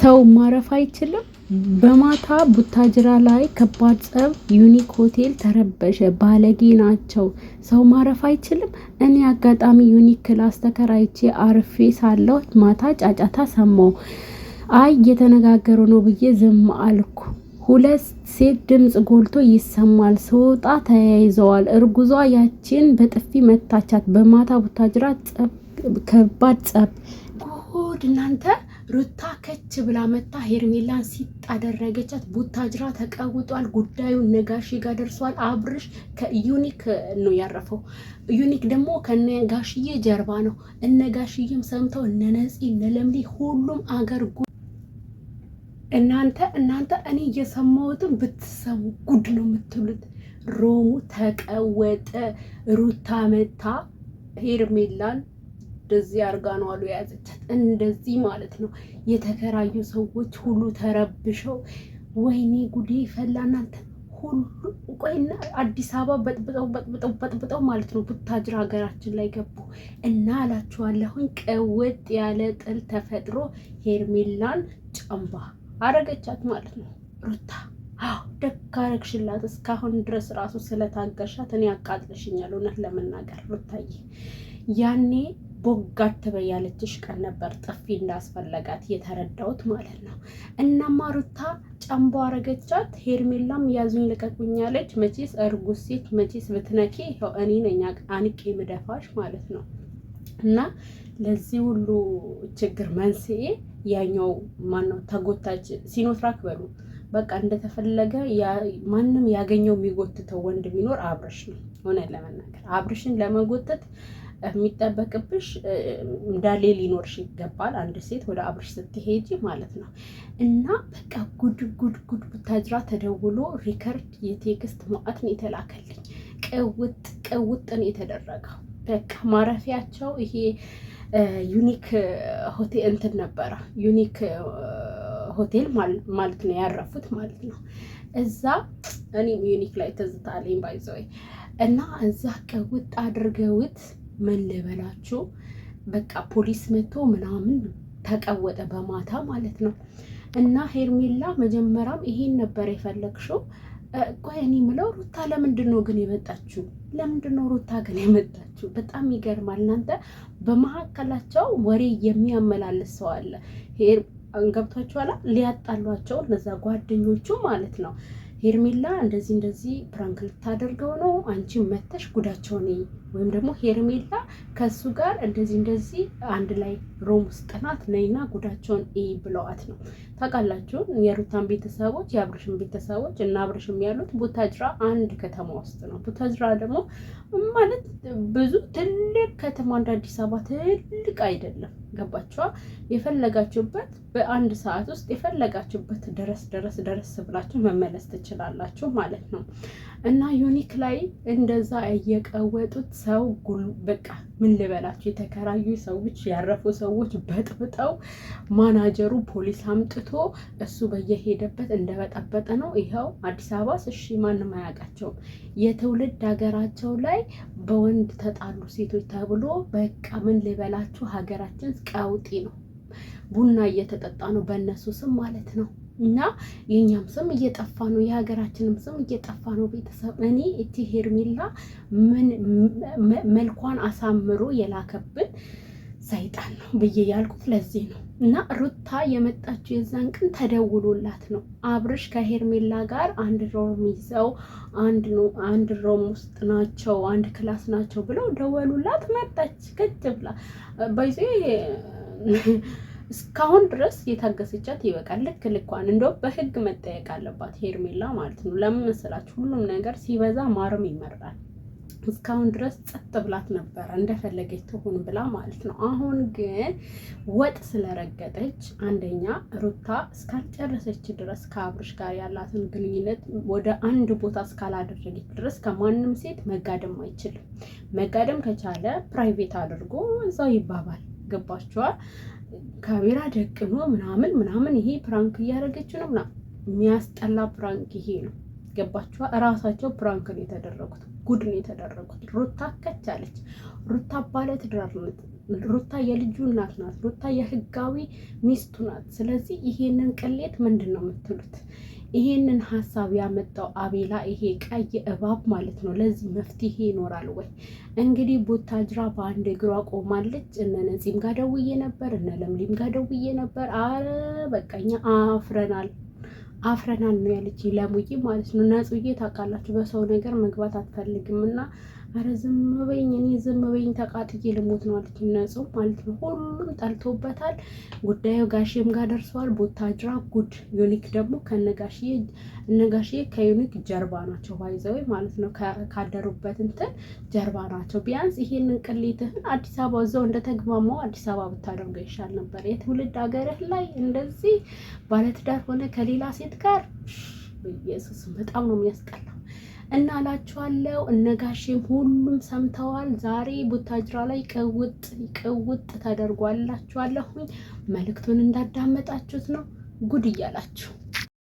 ሰው ማረፍ አይችልም። በማታ ቡታጅራ ላይ ከባድ ጸብ፣ ዩኒክ ሆቴል ተረበሸ። ባለጌ ናቸው። ሰው ማረፍ አይችልም። እኔ አጋጣሚ ዩኒክ ክላስ ተከራይቼ አርፌ ሳለሁ ማታ ጫጫታ ሰማሁ። አይ እየተነጋገሩ ነው ብዬ ዝም አልኩ። ሁለት ሴት ድምፅ ጎልቶ ይሰማል። ስወጣ ተያይዘዋል። እርጉዟ ያችን በጥፊ መታቻት። በማታ ቡታጅራ ከባድ ጸብ። ጉድ እናንተ ሩታ ከች ብላ መታ ሄርሜላን ሲጥ አደረገቻት። ቡታጅራ ተቀውጧል። ጉዳዩ ነጋሽ ጋር ደርሷል። አብርሽ ከዩኒክ ነው ያረፈው። ዩኒክ ደግሞ ከነጋሽዬ ጀርባ ነው። እነጋሽዬም ሰምተው ነነፂ ነለምሊ ሁሉም አገር እናንተ እናንተ እኔ እየሰማሁትም ብትሰሙ ጉድ ነው የምትሉት። ሮሙ ተቀወጠ። ሩታ መታ ሄርሜላን እንደዚህ አርጋ ነው አሉ የያዘቻት። እንደዚህ ማለት ነው የተከራዩ ሰዎች ሁሉ ተረብሸው፣ ወይኔ ጉዴ ፈላ እናንተ ሁሉ ቆይና አዲስ አበባ በጥብጠው በጥብጠው በጥብጠው ማለት ነው ቡታጅራ ሀገራችን ላይ ገቡ እና አላችኋለሁኝ። ቀውጥ ያለ ጥል ተፈጥሮ ሄርሜላን ጨምባ አረገቻት ማለት ነው። ሩታ አዎ እስካሁን ድረስ ራሱ ስለታገሻት እኔ አቃጥለሽኛል። እውነት ለመናገር ሩታዬ ያኔ ቦጋት ትበያለችሽ ያለችሽ ቀን ነበር ጥፊ እንዳስፈለጋት የተረዳሁት ማለት ነው። እናማ ሩታ ጫምቦ አረገቻት። ሄርሜላም ያዙኝ ልቀቁኝ አለች። መቼስ እርጉዝ ሴት መቼስ ብትነኪ ይኸው እኔ ነኝ አንቄ ምደፋሽ ማለት ነው። እና ለዚህ ሁሉ ችግር መንስኤ ያኛው ማነው ተጎታች ሲኖትራክ በሉ በቃ እንደተፈለገ ማንም ያገኘው የሚጎትተው ወንድ ቢኖር አብርሽ ነው። ሆነ ለመናገር አብርሽን ለመጎተት የሚጠበቅብሽ እንዳሌ ሊኖርሽ ይገባል። አንድ ሴት ወደ አብርሽ ስትሄጂ ማለት ነው። እና በቃ ጉድ ጉድ ጉድ ብታጅራ ተደውሎ ሪከርድ የቴክስት ማዕት ነው የተላከልኝ። ቅውጥ ቅውጥ ነው የተደረገው። በቃ ማረፊያቸው ይሄ ዩኒክ ሆቴል እንትን ነበረ ዩኒክ ሆቴል ማለት ነው ያረፉት ማለት ነው። እዛ እኔም ዩኒክ ላይ ትዝታለኝ ባይዘወይ እና እዛ ቅውጥ አድርገውት ምን ልበላችሁ በቃ ፖሊስ መጥቶ ምናምን ተቀወጠ በማታ ማለት ነው። እና ሄርሜላ መጀመሪያም ይሄን ነበር የፈለግሽው። ቆይ እኔ ሩታ ለምንድን ነው ግን የመጣችሁ? ለምንድን ነው ሩታ ግን የመጣችሁ? በጣም ይገርማል። እናንተ በመካከላቸው ወሬ የሚያመላልስ ሰው አለ። ገብቷችኋል? ሊያጣሏቸው እነዛ ጓደኞቹ ማለት ነው። ሄርሜላ እንደዚህ እንደዚህ ፕራንክ ልታደርገው ነው፣ አንቺ መተሽ ጉዳቸውን ወይም ደግሞ ሄርሜላ ከሱ ጋር እንደዚህ እንደዚህ አንድ ላይ ሮም ውስጥ ናት ነይና ጉዳቸውን ይ ብለዋት ነው። ታውቃላችሁ የሩታን ቤተሰቦች የአብርሽን ቤተሰቦች እና አብርሽም ያሉት ቡታጅራ አንድ ከተማ ውስጥ ነው። ቡታጅራ ደግሞ ማለት ብዙ ትልቅ ከተማ እንደ አዲስ አበባ ትልቅ አይደለም። ገባችኋ? የፈለጋችሁበት በአንድ ሰዓት ውስጥ የፈለጋችሁበት ድረስ ድረስ ድረስ ብላችሁ መመለስ ትችላላችሁ ማለት ነው እና ዩኒክ ላይ እንደዛ እየቀወጡት ሰው ጉል በቃ ምን ልበላቸው፣ የተከራዩ ሰዎች ያረፉ ሰዎች በጥብጠው ማናጀሩ ፖሊስ አምጥቶ እሱ በየሄደበት እንደበጠበጠ ነው። ይኸው አዲስ አበባ ስሺ ማንም አያውቃቸውም። የትውልድ ሀገራቸው ላይ በወንድ ተጣሉ ሴቶች ተብሎ በቃ ምን ልበላችሁ፣ ሀገራችን ቀውጢ ነው። ቡና እየተጠጣ ነው በእነሱ ስም ማለት ነው። እና የእኛም ስም እየጠፋ ነው፣ የሀገራችንም ስም እየጠፋ ነው። ቤተሰብ እኔ እቲ ሄርሜላ ምን መልኳን አሳምሮ የላከብን ሰይጣን ነው ብዬ ያልኩት ለዚህ ነው። እና ሩታ የመጣችው የዛን ቀን ተደውሎላት ነው አብርሽ ከሄርሜላ ጋር አንድ ሮም ይዘው አንድ ሮም ውስጥ ናቸው፣ አንድ ክላስ ናቸው ብለው ደወሉላት። መጣች ገጭ ብላ እስካሁን ድረስ የታገሰቻት ይበቃል። ልክ ልኳን እንደ በህግ መጠየቅ አለባት ሄርሜላ ማለት ነው። ለምን መሰላችሁ? ሁሉም ነገር ሲበዛ ማርም ይመራል። እስካሁን ድረስ ጸጥ ብላት ነበረ እንደፈለገች ትሆን ብላ ማለት ነው። አሁን ግን ወጥ ስለረገጠች አንደኛ ሩታ እስካልጨረሰች ድረስ ከአብርሽ ጋር ያላትን ግንኙነት ወደ አንድ ቦታ እስካላደረገች ድረስ ከማንም ሴት መጋደም አይችልም። መጋደም ከቻለ ፕራይቬት አድርጎ እዛው ይባባል። ገባችኋል? ካሜራ ደቅኖ ምናምን ምናምን ይሄ ፕራንክ እያደረገች ነው ምናምን የሚያስጠላ ፕራንክ ይሄ ነው። ገባችኋ? እራሳቸው ፕራንክ ነው የተደረጉት፣ ጉድ ነው የተደረጉት። ሩታ ከቻለች። አለች። ሩታ ባለ ትዳር ናት። ሩታ የልጁ እናት ናት። ሩታ የህጋዊ ሚስቱ ናት። ስለዚህ ይሄንን ቅሌት ምንድን ነው የምትሉት? ይሄንን ሀሳብ ያመጣው አቤላ ይሄ ቀይ እባብ ማለት ነው። ለዚህ መፍትሄ ይኖራል ወይ? እንግዲህ ቡታጅራ በአንድ እግሯ ቆማለች። እነ ነፂም ጋር ደውዬ ነበር፣ እነ ለምሊም ጋር ደውዬ ነበር። አረ አፍረናል አፍረናል ነው ያለች ለሙዬ ማለት ነው። ነጽዬ ታውቃላችሁ፣ በሰው ነገር መግባት አትፈልግም እና አረ ዝም በይኝ፣ እኔ ዝም በይኝ ተቃጥዬ ልሞት ነው አለች ነጽም ማለት ነው። ሁሉም ጠልቶበታል። ጉዳዩ ጋሽም ጋር ደርሰዋል። ቦታጅራ ጉድ ዩኒክ ደግሞ ከነጋሽዬ እነጋሽዬ ከዩኒክ ጀርባ ናቸው ባይዘው ማለት ነው። ካደሩበት እንትን ጀርባ ናቸው። ቢያንስ ይሄንን ቅሌትህን አዲስ አበባ እዛው እንደተግባማው አዲስ አበባ ብታደርገው ይሻል ነበር። የትውልድ ሀገርህ ላይ እንደዚህ ባለትዳር ሆነ ከሌላ ሴት ጋር ኢየሱስ በጣም ነው የሚያስጠላ። እና እላችኋለሁ እነጋሽም ሁሉም ሰምተዋል። ዛሬ ቡታጅራ ላይ ቅውጥ ቅውጥ ተደርጓላችኋለሁኝ። መልእክቱን እንዳዳመጣችሁት ነው ጉድ እያላችሁ